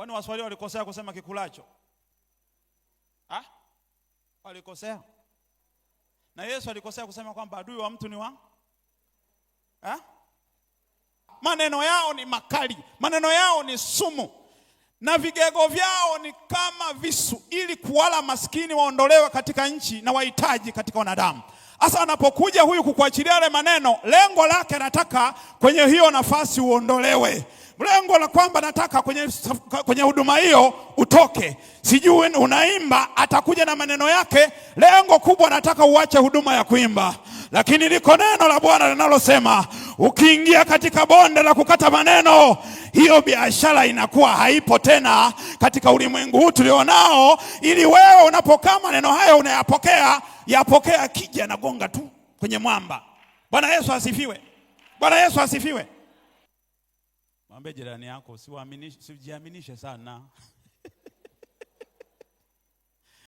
Kwani Waswahili walikosea kusema kikulacho? ha? Walikosea. Na Yesu alikosea kusema kwamba adui wa mtu ni wa? ha? Maneno yao ni makali, maneno yao ni sumu na vigego vyao ni kama visu, ili kuwala maskini waondolewe katika nchi na wahitaji katika wanadamu. Hasa anapokuja huyu kukuachilia yale maneno, lengo lake nataka kwenye hiyo nafasi uondolewe lengo la kwamba nataka kwenye, kwenye huduma hiyo utoke, sijui unaimba, atakuja na maneno yake. Lengo kubwa nataka uache huduma ya kuimba, lakini liko neno la Bwana linalosema ukiingia katika bonde la kukata maneno, hiyo biashara inakuwa haipo tena katika ulimwengu huu tulionao, ili wewe unapokaa maneno hayo unayapokea, yapokea, kija nagonga tu kwenye mwamba. Bwana Yesu asifiwe! Bwana Yesu asifiwe! an bɛ jirani a kɔ siwa mi ni siwa na.